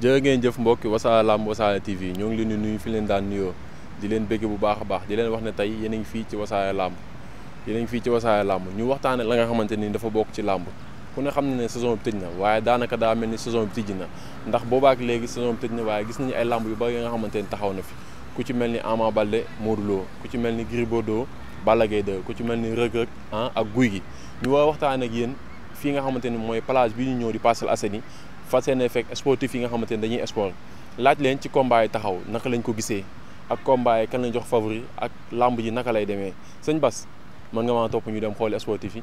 jër ngeen jëf mbokki Wassare Lamb Wassare TV ñoo ngi leen di nuyu fi leen daan nuyoo di leen bégg bu baax a baax di leen wax ne tey yéen ngi fii ci Wassare Lamb yéen fii ci Wassare Lamb ñu waxtaane la nga xamante ni dafa bokk ci làmb xam ne saison bi tëj na waaye daa mel ni saison bi tijji na ndax boobaak léegi saison bi tëj gis nañu ay làmb yu bari xamante ni taxaw na fi ku ci mel ni Ama Baldé Modou ku ci mel ni Gris Bordeaux Balla Gaye 2 ku ci mel ni Reug ah ak Gouye Gui ñu war yéen fii nga xamante ni mooy plage bi ñu ñëw di Parcelles Assainies fas yéene fekk sportif yi nga xamante ne dañuy sport laaj leen ci combat yi taxaw naka lañ ko gisee ak combat yi kan lañ jox favori ak làmb ji naka lay demee sëñ Bas mën nga maa topp ñu dem xooli sportif yi.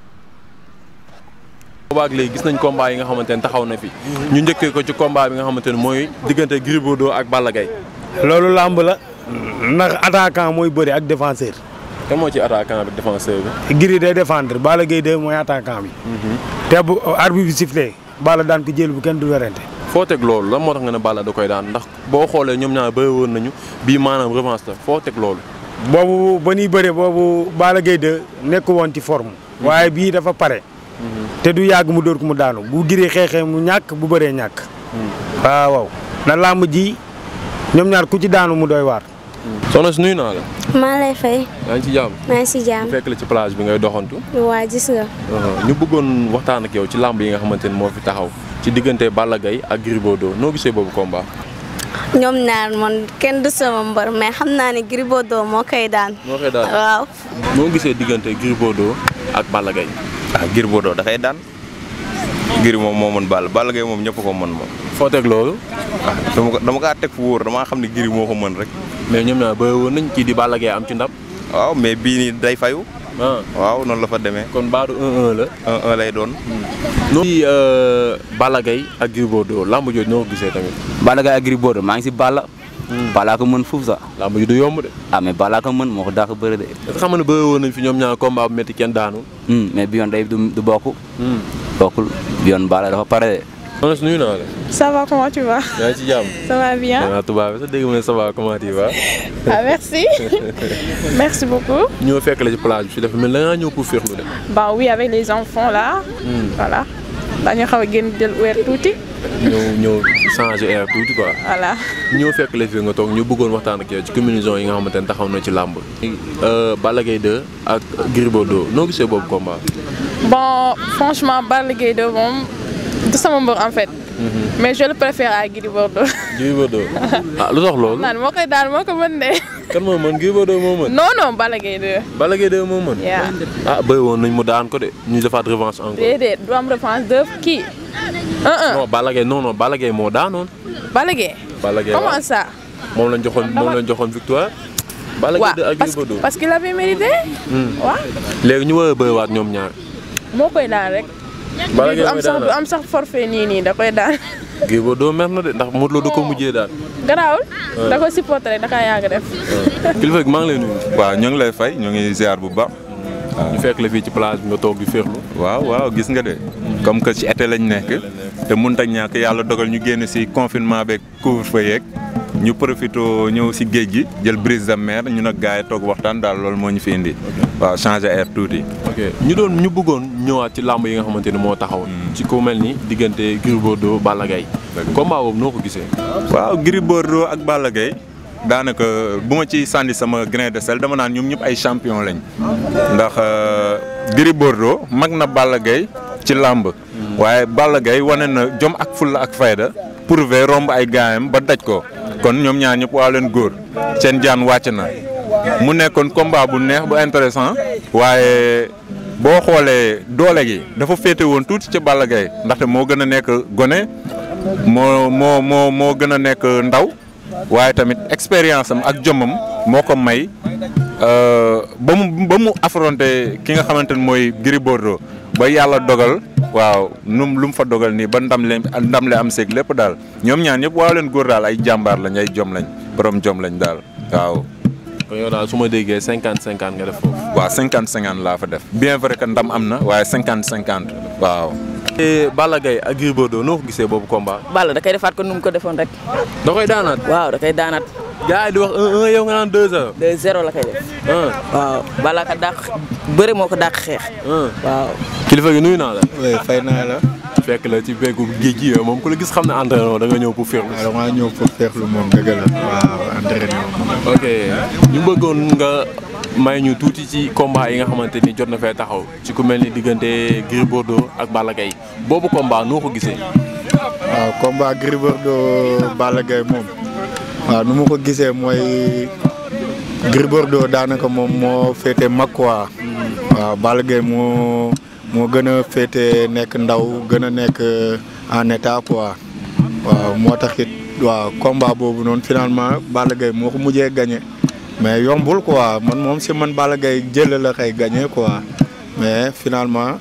boobaak léegi gis nañ combat yi nga xamante ne taxaw na fi ñu njëkkee ko ci combat bi nga xamante ne mooy diggante boo Bordeaux ak Balla Gaye loolu làmb la ndax attaquant mooy bëri ak défenseur. kan moo ci attaquant bi défenseur bi. Gris day défendre Balla Gaye day mooy attaquant bi. Mhm. te bu arbitre bi Balla daan ko jël bu kenn du werante foo teg loolu lan moo tax nga ne Balla da koy daan ndax boo xoolee ñoom ñaar bëri woon nañu bii maanaam revanche la foo teg loolu. boobu ba ñuy bëree boobu Balla gay 2 nekk woon ci forme. Mhm. waaye bii dafa pare. Mhm. te du yàgg mu dóor ko mu daanu bu giree xeexee mu ñàkk bu bëree ñàkk. Mhm. waaw waaw na làmb ji ñoom ñaar ku ci daanu mu doy waar. soxna si nuyu naa la. maa lay fay. maa ngi ci jàmm maa ngi ci jàmm. fekk la ci plage bi ngay doxantu. waa gis nga. Uh-huh. ñu bëggoon waxtaan ak yow ci làmb yi nga xamante ni moo fi taxaw ci diggante Balla gay ak Gris noo gisee boobu komba ñoom ñaar man kenn du sama mbër mais xam naa ne Gris Bordeaux moo koy daan. moo koy waaw. noo gisee diggante Gris Bordeaux ak Balla Gaye. ah dafay daan. ngir moom moo mën Balla Balla moom ko mën moom. foo teg loolu. ah dama ko dama xam ne ngir moo ko mën rek. mais ñoom ñaar bëri woon nañ kii di Balla Gaye ci ndam. mais bii day fayu. Ah. waaw noonu la fa kon baadu 1-1 la. 1-1 lay doon. Hmm. Euh, noo ci Balla Gaye ak Gris Bordeaux maa ngi si Balla. Hmm. Balla ko mën fuuf sax. làmb du yomb de. ah mais Balla mën moo ko daa ko bëri de. xam nga ne bëri woon nañ fi ñoom ñaar combat bu métti kenn daanu. Hmm, mais bi yoon day du bokk. bokkul yoon baala dafa pare de. soxna si nuyu la. ça va comment tu vas. yaa ngi ci jàmm. ça va bien. waaw sa dégg ma ne ça va comment tu vas. ah merci merci beaucoup. ñoo fekk la ci plage bi dafa a ni da ngaa ñëw pour féexlu de. bah oui avec les enfants là. Hmm. voilà dañu xaw a génn del weer tuuti. ñëw ñëw changé air tuuti quoi. voilà ñëw fekk la fi nga toog ñu bëggoon waxtaan ak yow ci combinaison yi nga xamante ne taxaw na ci làmb. Euh, Balla Gaye 2 ak Gris Bordeaux noo gisee boobu combat. bon franchement Balla Gaye moom du sama mbër en fait. Mhm. mais je le préfère à Gris Bordeaux. Gris Bordeaux ah lu tax moo koy daal moo ko mën de. kan moo mën Gris Bordeaux moo mën. non non Balla Gaye 2. Balla Gaye 2 mën. waaw ah béy woon nañ mu daan ko de ñu defaat revanche Uh-uh. non Balla Gaye non non moo daanoon. Balla Gaye. Balla Gaye comment ça. moom lañ joxoon moom lañ joxoon victoire. Balla Gaye de ak parce que parce hmm. léegi ñu war a waat ñoom ñaar. moo koy daan rek. Balla Gaye am sax du am sax forfait nii nii da koy daan. Gris Bordeaux mer na de ndax Modou Lo da ko oh. mujjee daan. garaawul. da ko supporté rek da kaa yàgg def. kilifa gi maa ngi lay nuyu. waaw ñoo ngi lay fay ñu ngi ziar bu ba ñu fekk la fii ci plage bi nga toog di féexlu. waaw waaw gis nga de. comme que ci été lañ nekk. te mun a ñàkk yàlla dogal ñu génn si confinement beeg couvre-feu yeeg ñu profité ñëw si géej gi jël brise de mer ñu nag gars yi toog waxtaan daal loolu moo ñu fi indi. waaw changer air tuuti. ñu doon ñu bëggoon ñëwaat ci làmb yi nga xamante ni moo taxaw. Hmm. ci ku mel ni diggante Gris Bordeaux Balla Gaye. noo ko gisee. waaw Gris Bordeaux ak Balla Gaye daanaka bu ma ci sànni sama grain de sel dama naan ñoom ñëpp ay champion lañ. Hmm. ndax euh, Gris Bordeaux mag na Balla Gaye ci làmb. waaye Balla Gaye wane na jom ak fulla ak fayda pour prouvé romb ay gaayam ba daj ko kon ñoom ñaar ñëpp waa leen góor seen jaan wàcc na mu nekkoon combat bu neex bu intéressant waaye boo xoolee doole gi dafa féete woon tuuti ca Balla Gaye ndaxte moo gën a nekk gone moo moo moo moo gën a nekk ndaw waaye tamit expérience am ak jomam moo ko may euh, ba mu ba mu affronté ki nga xamante ne mooy Gris Bordeaux ba yàlla dogal waaw num lu mu fa dogal nii ba ndam leen ndam le am seeg lépp daal ñoom ñaan ñëpp waaw leen góor daal ay jàmbaar lañ ay jom lañ borom jom lañ daal waaw. kon yow daal su déggee cinquante cinquante nga def foofu. waaw cinquante cinquante laa fa def bien vrai que ndam am na waaye cinquante cinquante waaw. Eh, bala Gaye ak Gris Bordeaux noo ko gisee boobu combat. Balla dakay koy defaat ko nu mu ko defoon rek. da koy gars yi di wax un un yow nga naan deux zéro. deux zéro la koy def. waaw balaa ka dàq bëri moo ko dàq xeex. waaw. kilifa gi nuyu naa la. oui fay naa la. fekk la ci beegum géej gi moom ku la gis xam ne entraînement da nga ñëw pour féexlu. waaw ah, damaa ñëw pour féexlu moom dëgg la. waaw entraînement moom. ok ñu bëggoon nga may ñu tuuti ci combat yi nga xamante ni jot na fee taxaw ci ku mel ni diggante Gris Bordeaux ak Balla Gaye boobu combat noo ko gisee. waaw combat Gris Bordeaux moom. waaw nu ma ko gisee mooy Gris Bordeaux daanaka moom moo féete mag quoi waaw Balla Gaye moo moo gën a féete nekk ndaw gën a nekk en état quoi waaw moo tax it waaw combat boobu noonu finalement Balla Gaye moo ko mujjee gagné mais yombul quoi man moom si man Balla Gaye jël la xëy gagné quoi mais finalement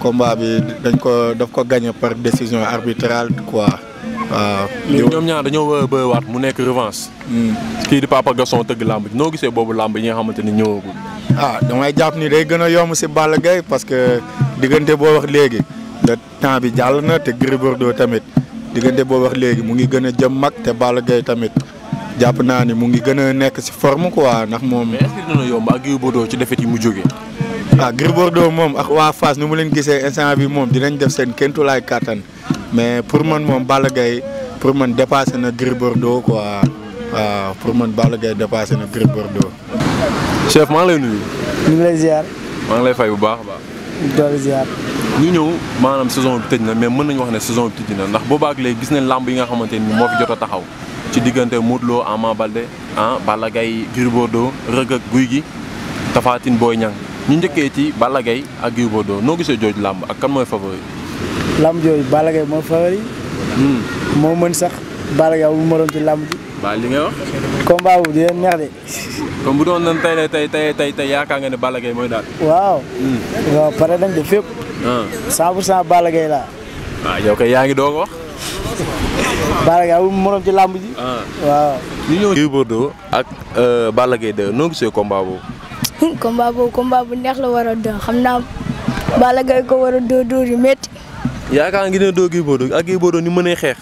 combat bi dañ ko daf ko gagné par décision arbitrale quoi. waaw euh, ñoom ñaan dañoo war a bëriwaat mu nekk revanche. Hmm. kii di Papa Gaston tëgg làmb ji noo gisee boobu làmb yi nga xamante ni ñëwagul. ah damay jàpp ni day gën a yomb si Balla Gaye parce que diggante boo wax léegi da temps bi jàll na te Gris Bordeaux tamit diggante boo wax léegi mu ngi gën a jëm mag te Balla Gaye tamit jàpp naa ni mu ngi gën a nekk si forme quoi ndax moom. mais est dina yomb ak Gris Bordeaux ci defet yi mu jógee. waaw ah, Gris Bordeaux moom ak waa Fass nu mu leen gisee instant bi moom dinañ def seen kéntulaay kàttan mais pour man moom Balla Gaye pour man dépassé na Gris Bordeaux quoi waaw ah, pour man Balla Gaye dépassé na Gris Bordeaux. chef lay nuyu. ñu maa ngi lay fay bu baax a baax. ñu ñëw maanaam saison bi tëj na mais mën nañu wax ne saison bi tëj na ndax boobaak léegi gis nañ làmb yi nga xamante ni moo fi jot a taxaw ci diggante Modou Lo Ama Baldé ah Balla Gaye Gris Bordeaux Reug ak Guy gi Tapha Tine Boy Niang ñu njëkkee ci Balla ak Gris Bordeaux noo gisee jooju làmb ak kan mooy favori. làmb jooju Balla mooy favori. Hmm. moo mën sax Balla Gaye bu mu mënoon ci làmb ji. waaw li ngay bu dina tey la tey tey tey ne Balla mooy daal. waaw. Hmm. waaw pare nañ de fépp. 100 ah. pour 100 ah, yaa ngi doog wax. Balla Gaye bu mu mënoon ci làmb ji. Ah. waaw. ñu ñëw Gris ak euh, Balla Gaye noo gisee combat combat boobu combat bu neex la war a doon xam naa Balla Gaye ko war a dóor dóor yu métti. yaakaar ngi ne doo Gris Bordeaux ak Gris Bordeaux ni mënee xeex.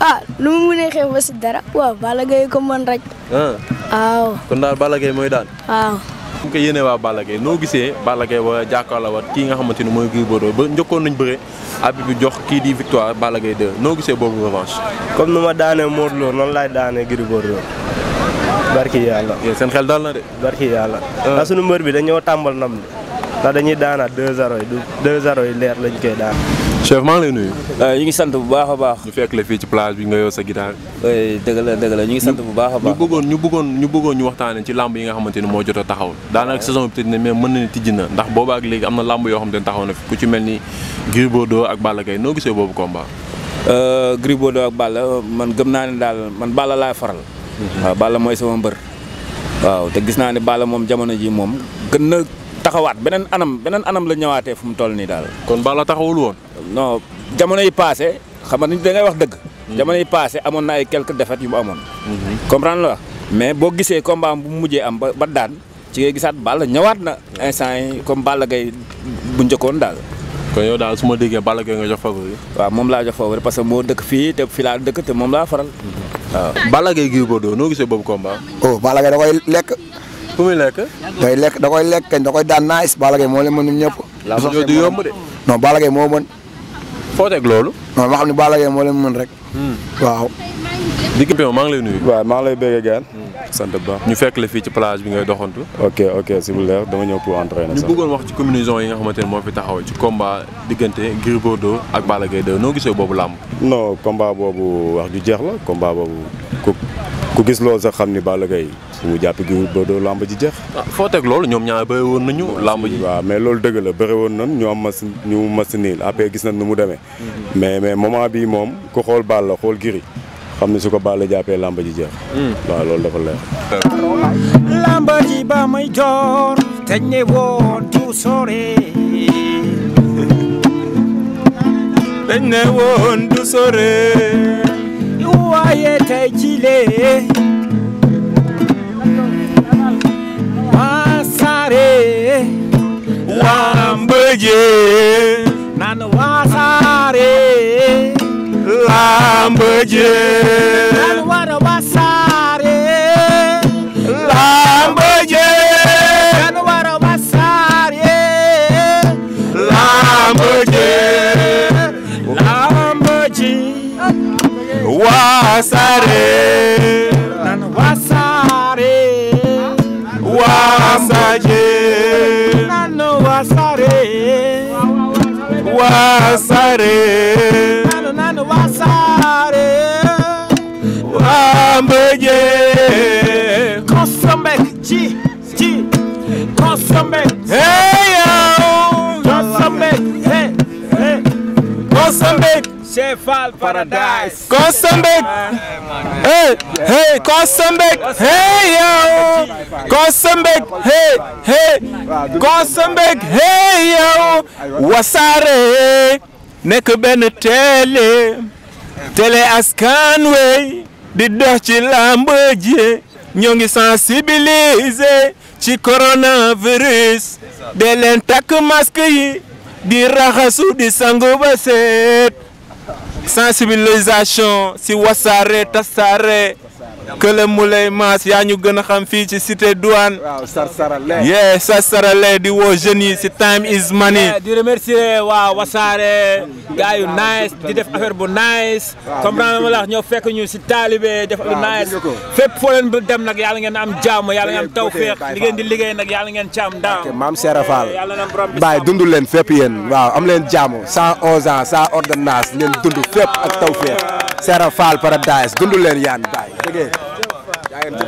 ah lu mu mënee xeex ba si dara waaw Balla Gaye ko mën rek. Ah. waaw. kon daal Balla Gaye mooy daan. waaw. bu ñu ko yéenee noo gisee Balla Gaye wa jàkkaarloo kii nga xamante ni mooy Gris Bordeaux ba njëkkoon nañ bëre abi bi jox kii di victoire Balla Gaye noo gisee boobu revanche. comme nu ma daanee Modou Lo noonu laay daanee Gris Bordeaux barki yàlla. seen xel daal na de. barki yàlla. Euh. ndax sunu mbër bi dañoo tàmbal nam li ndax dañuy daanaat deux zéro yi deux zéro yi leer lañ koy daan. chef maa lay nuyu. Euh, ñu ngi sant bu baax a baax. ñu fekk la fii ci plage bi nga yow sa guitare. dëgg la dëgg la ñu ngi sant bu baax a baax. ñu bëggoon ñu bëggoon ñu bëggoon ñu waxtaanee ci làmb yi nga xamante ni moo jot a taxaw. daanaka saison bi tëj na mais mën na ne tijji na ndax boobaa ak léegi am na làmb yoo xamante ni taxaw na fi ku ci mel ni Gris Bordeaux ak Balla Gaye noo boobu combat. Euh, Gris Bordeaux ak Balla man gëm naa ne daal man Balla laay faral Mhm. waaw Balla mooy sama mbër waaw te gis naa ne Balla moom jamono ji moom gën na taxawaat beneen anam beneen anam la ñëwaatee fu mu toll nii daal kon Balla taxawul woon no jamono yi passé xam nga nit da ngay wax dëgg mhm. jamono yi passé amoon na ay quelques défaites yu mu amoon mhm. comprendre la mais boo gisee combat bu mu mujjee am ba daan ci ngay gisaat Balla ñëwaat na instant yi comme Balla Gaye bu njëkkoon daal kon yow daal su ma déggee Balla Gaye nga jox favori waaw moom laa jox parce que moo dëkk fii te fii laa dëkk te moom laa faral waaw Balla Gaye Gris Bordeaux noo gisee boobu combat. oh Balla Gaye da koy lekk. fu muy lekk. day lekk da koy lekk kañ da koy daan naaj Balla Gaye moo leen mën ñëpp. laabu ñëw du yomb de. non moo mën. foo teg loolu. ma xam ne Balla moo leen mën rek. Hmm. waaw. di Kipé maa ngi lay nuyu. waaw maa lay béyee sant bu baax ñu fekk la fii ci plage bi ngay doxantu. ok ok si bu leer dama ñëw pour entraîner. ñu bëggoon wax ci combinaison yi nga xamante ne moo fi taxaw ci combat diggante Gris Bordeaux ak Balla Gaye 2 noo gisee boobu làmb. non combat boobu wax ju jeex la combat boobu ku ku gis loolu sax xam ni Balla Gaye fu mu jàpp Gris Bordeaux làmb ji jeex. Ah, foo teg loolu ñoom ñaar bëri woon nañu làmb ji. waaw mais loolu dëgg la bëri woon nañ ñu am mas ñu mas gis nañ nu mu demee. Mhm. mais mais moment bi moom ku xool Balla xool Gris xam ne su ko Balla jàppee làmb ji jeex. Hmm. waaw loolu dafa leer. ba may teñ ne woon du sore. teñ ne woon du sore. waaye tey waa saare. làmb ji. lamb jee lan wara wasaare lamb jee lan wara wasaare lamb jee lamb jee wasaare lan wasaare wasaare lan wasaare wasaare Mbëjee. Consombek ci ci consombek. hey yow. consombek hey hey. consombek. Chefal Paradise. consombek. hey hey consombek. hey yow. consombek hey hey. consombek hey yow. Wassare nekk benn télé. télé askan wi. di dox ci làmb ñoo ngi sensibiliser ci corona de leen takk masque yi di raxasu di sangu ba seet sensibilisation si wasaare tasaare kële Moulay Mass yaa ñu gën a xam fii ci cité douane. waaw Sarsarale. yee Sarsarale di woo jeunes yi si time is money. di remercier waaw wasaare gars nice di def affaire bu nice. comprendre ma la ñoo fekk ñu si taalibe def lu nice. fépp foo leen dem nag yàlla ngeen am jaamu yàlla ngeen am tawféex li ngeen di liggéey nag yàlla ngeen ci am ok maam Serap Fall bàyyi leen fépp yéen waaw am leen jàmm 111 ans sans ordonnance ngeen dund fépp ak tawféex. Serap Fall Paradise dund leen yaa mi bàyyi dégg